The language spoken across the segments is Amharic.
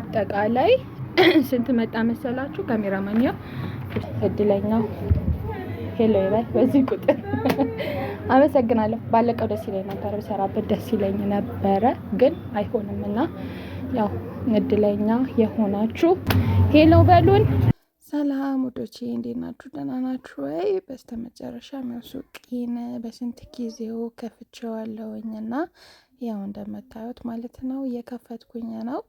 አጠቃላይ ስንት መጣ መሰላችሁ? ካሜራ ማኛ እድለኛ ሄሎ ይበል። በዚህ ቁጥር አመሰግናለሁ። ባለቀው ደስ ይለኝ ነበር፣ ብሰራበት ደስ ይለኝ ነበረ፣ ግን አይሆንም እና ያው እድለኛ የሆናችሁ ሄሎ በሉን። ሰላም ወዶቼ እንዴት ናችሁ? ደህና ናችሁ ወይ? በስተ መጨረሻ ሱቄን በስንት ጊዜው ከፍቼዋለሁኝ እና ያው እንደምታዩት ማለት ነው የከፈትኩኝ ነው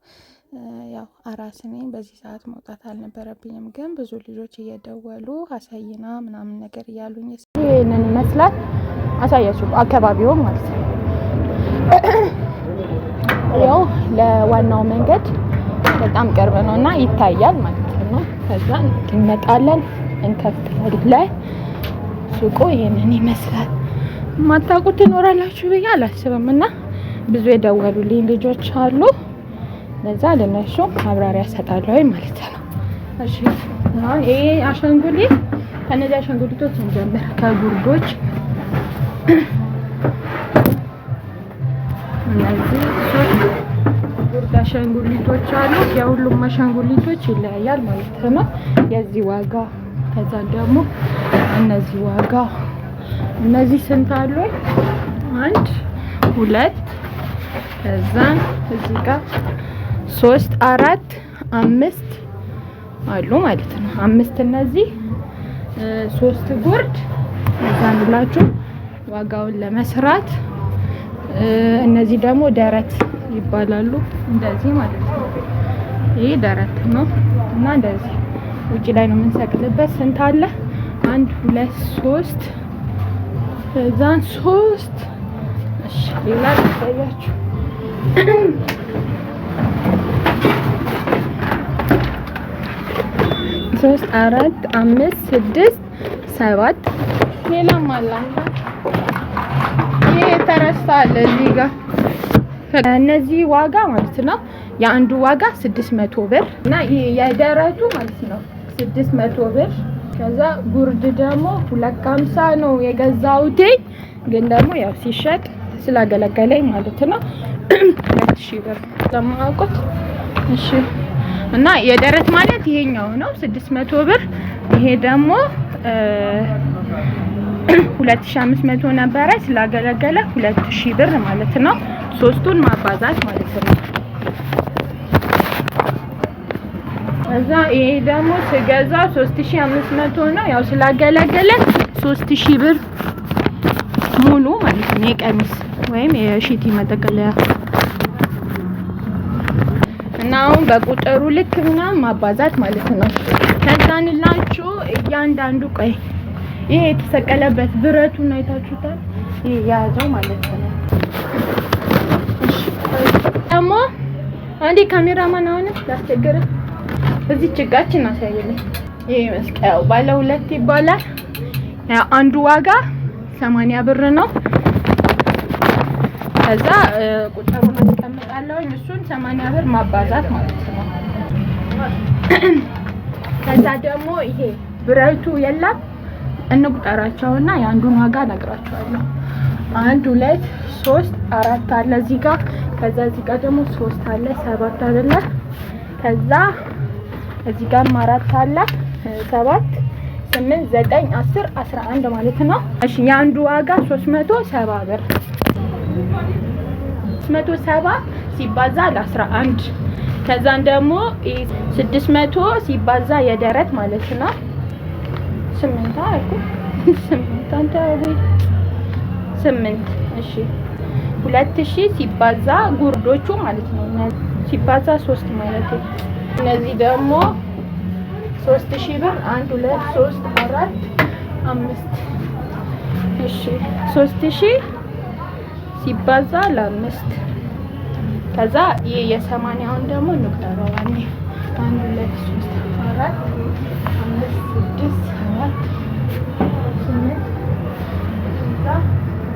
ያው አራስ በዚህ ሰዓት መውጣት አልነበረብኝም። ግን ብዙ ልጆች እየደወሉ አሳይና ምናምን ነገር እያሉኝ ይህንን ይመስላል። አሳያችሁ አካባቢውም ማለት ነው። ያው ለዋናው መንገድ በጣም ቅርብ ነው እና ይታያል ማለት ነው። ከዛ እንመጣለን፣ እንከፍታለን። ሱቁ ይህንን ይመስላል። ማታቁት ትኖራላችሁ ብዬ አላስብም እና ብዙ የደወሉልኝ ልጆች አሉ። ለዛ ለነሱ ማብራሪያ እሰጣለሁ ማለት ነው። እሺ አሁን ይሄ አሻንጉሊት ከነዚህ አሻንጉሊቶች እንጀምር ከጉርዶች እነዚህ ጉርድ አሻንጉሊቶች አሉ። የሁሉም አሻንጉሊቶች ይለያያል ማለት ነው። የዚህ ዋጋ ከዛ ደግሞ እነዚህ ዋጋ እነዚህ ስንት አሉ? አንድ ሁለት ከዛ እዚህ ጋር ሶስት አራት አምስት አሉ ማለት ነው። አምስት እነዚህ ሶስት ጉርድ እዛን ብላችሁ ዋጋውን ለመስራት እነዚህ ደግሞ ደረት ይባላሉ። እንደዚህ ማለት ነው። ይህ ደረት ነው እና እንደዚህ ውጭ ላይ ነው የምንሰቅልበት። ስንት አለ? አንድ ሁለት ሶስት እዛን ሶስት ሌላ ታያችሁ ሶስት አራት አምስት ስድስት ሰባት ሌላም አለ። ይሄ የተረሳ እዚህ ጋር እነዚህ ዋጋ ማለት ነው። የአንዱ ዋጋ ስድስት መቶ ብር እና የደረቱ ማለት ነው ስድስት መቶ ብር። ከዛ ጉርድ ደግሞ ሁለት ከሀምሳ ነው የገዛሁት፣ ግን ደግሞ ያው ሲሸጥ ስላገለገለኝ ማለት ነው ሁለት ሺህ ብር ለማውቀት እሺ። እና የደረት ማለት ይሄኛው ነው 600 ብር። ይሄ ደግሞ 2500 ነበረ ስላገለገለ 2000 ብር ማለት ነው። ሶስቱን ማባዛት ማለት ነው። እዛ ይሄ ደግሞ ስገዛ 3500 ነው። ያው ስላገለገለ 3000 ብር ሙሉ ማለት ነው። የቀሚስ ወይም የሽቲ መጠቀለያ እና አሁን በቁጥሩ ልክ ምናምን ማባዛት ማለት ነው። ከዛንላችሁ እያንዳንዱ ቆይ ይሄ የተሰቀለበት ብረቱን አይታችሁታል። ይሄ የያዘው ማለት ነው። ደግሞ አንዴ ካሜራማን አሁን ላስቸግር፣ እዚህ ጭጋችን አሳየለ። ይሄ መስቀያው ባለ ሁለት ይባላል። አንዱ ዋጋ ሰማንያ ብር ነው። ከዛ ቁጠሩ ማስቀምጣለሁኝ እሱን ሰማንያ ብር ማባዛት ማለት ነው። ከዛ ደግሞ ይሄ ብረቱ የለም እንቁጠራቸውና የአንዱን ዋጋ ነግራቸዋለሁ። አንድ ሁለት ሶስት አራት አለ እዚህ ጋር። ከዛ እዚህ ጋር ደግሞ ሶስት አለ ሰባት አለ። ከዛ እዚህ ጋርም አራት አለ ሰባት ስምንት ዘጠኝ አስር አስራ አንድ ማለት ነው። እሺ የአንዱ ዋጋ ሶስት መቶ ሰባ ብር መቶ ሰባ ሲባዛ ለአስራ አንድ ከዛን ደግሞ ስድስት መቶ ሲባዛ የደረት ማለት ነው ስምንት አልኩት ስምንት አንተ ስምንት እሺ ሁለት ሺ ሲባዛ ጉርዶቹ ማለት ነው ሲባዛ ሶስት ማለት ነው። እነዚህ ደግሞ ሶስት ሺ ብር አንድ ሁለት ሶስት አራት አምስት እሺ ሶስት ሺህ ሲባዛ ለአምስት ከዛ ይህ የሰማንያውን ደግሞ ንቁጠ ባባኔ አንድ ሁለት ሶስት አራት አምስት ስድስት ሰባት ስምንት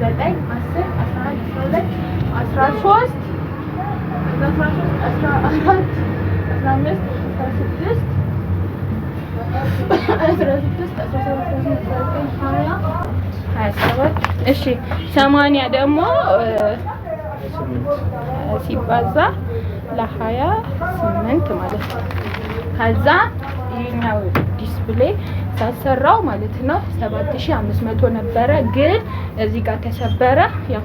ዘጠኝ አስር አስራ አንድ አስራ ሁለት አስራ ሶስት አስራ አራት አስራ አምስት አስራ ስድስት አስራ ስድስት አስራ ሰባት አስራ ስምንት አስራ ዘጠኝ ሀያ 27 እሺ፣ ደግሞ ሲባዛ ለ ስምንት ማለት ነው። ከዛ ይህኛው ዲስፕሌ ሳሰራው ማለት ነው 7500 ነበረ፣ ግን እዚህ ጋር ተሰበረ። ያው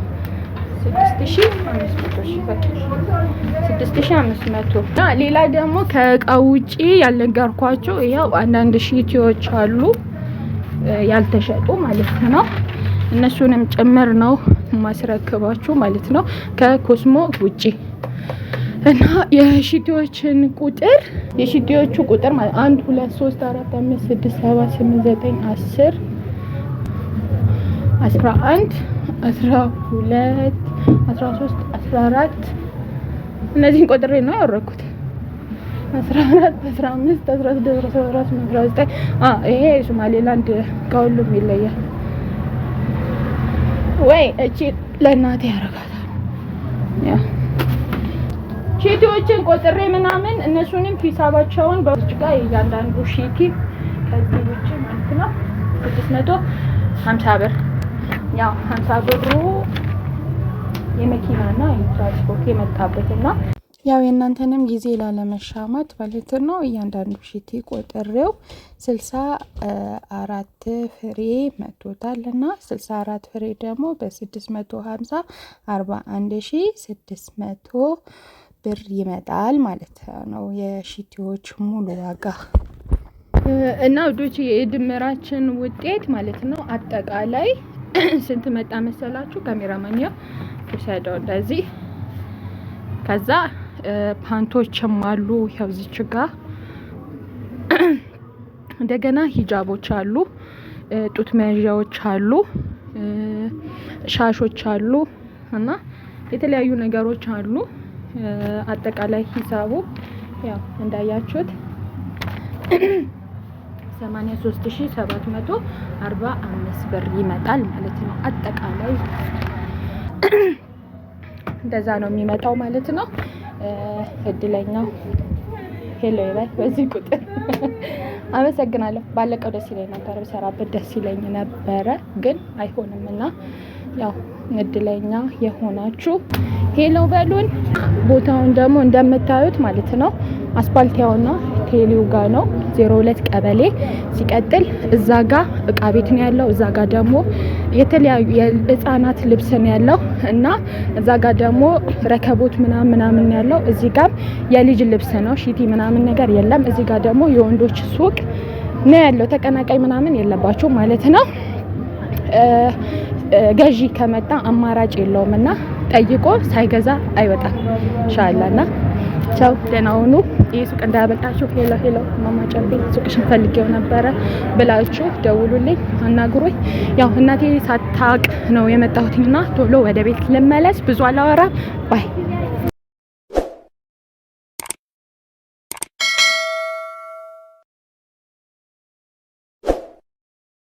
6500 ሌላ ደግሞ ከእቃ ውጪ ያልነገርኳቸው ያው አንዳንድ ሺቲዎች አሉ ያልተሸጡ ማለት ነው። እነሱንም ጭምር ነው ማስረክባችሁ ማለት ነው ከኮስሞ ውጪ እና የሽቲዎችን ቁጥር የሽቲዎቹ ቁጥር ማለት አንድ ሁለት ሶስት አራት አምስት ስድስት ሰባት ስምንት ዘጠኝ አስር አስራ አንድ አስራ ሁለት አስራ ሶስት አስራ አራት እነዚህን ቆጥሬ ነው ያወረኩት። አስራ አራት አስራ አምስት አስራ ስድስት ይሄ ሶማሌላንድ ከሁሉም ይለያል። ወይ እቺ ለእናቴ ያረጋታል። ሺቲዎችን ቆጥሬ ምናምን እነሱንም ሂሳባቸውን እያንዳንዱ ሺቲ ከዚህ ውጭ ማለት ነው ስድስት መቶ ሀምሳ ብር ያው ሀምሳ ብሩ የመኪናና የትራንስፖርት የመጣበትና ያው የእናንተንም ጊዜ ላለመሻማት ማለት ነው። እያንዳንዱ ሽቲ ቆጥሬው ስልሳ አራት ፍሬ መቶታል እና ስልሳ አራት ፍሬ ደግሞ በስድስት መቶ ሀምሳ አርባ አንድ ሺ ስድስት መቶ ብር ይመጣል ማለት ነው የሽቲዎች ሙሉ ዋጋ እና ውዶች የድምራችን ውጤት ማለት ነው አጠቃላይ ስንት መጣ መሰላችሁ? ካሜራማኛ ውሰደው እንደዚህ ከዛ ፓንቶችም አሉ። ያው እዚች ጋ እንደገና ሂጃቦች አሉ፣ ጡት መያዣዎች አሉ፣ ሻሾች አሉ እና የተለያዩ ነገሮች አሉ። አጠቃላይ ሂሳቡ ያው እንዳያችሁት 83745 ብር ይመጣል ማለት ነው። አጠቃላይ እንደዛ ነው የሚመጣው ማለት ነው። እድለኛው ሄሎ ላይ በዚህ ቁጥር አመሰግናለሁ። ባለቀው ደስ ይለኝ ነበረ፣ ብሰራበት ደስ ይለኝ ነበረ፣ ግን አይሆንም እና ያው እድለኛ የሆናችሁ ሄሎ በሉን። ቦታውን ደግሞ እንደምታዩት ማለት ነው አስፓልት ቴሌው ጋ ነው 02 ቀበሌ ሲቀጥል፣ እዛ ጋ እቃ ቤት ነው ያለው። እዛ ጋ ደግሞ የተለያዩ የህፃናት ልብስ ነው ያለው። እና እዛ ጋር ደግሞ ረከቦት ምናምን ምናምን ያለው እዚህ ጋር የልጅ ልብስ ነው። ሺቲ ምናምን ነገር የለም። እዚህ ጋር ደግሞ የወንዶች ሱቅ ነው ያለው። ተቀናቃይ ምናምን የለባቸው ማለት ነው። ገዢ ከመጣ አማራጭ የለውም እና ጠይቆ ሳይገዛ አይወጣም። ኢንሻአላህ ቻው፣ ደህና ሁኑ። ይህ ሱቅ እንዳያበልጣችሁ። ሄሎ ሄሎ ማማ ጨቤ ሱቅሽን ፈልጌው ነበረ ብላችሁ ደውሉልኝ፣ አናግሮኝ። ያው እናቴ ሳታቅ ነው የመጣሁትኝና ቶሎ ወደ ቤት ልመለስ። ብዙ አላወራም ባይ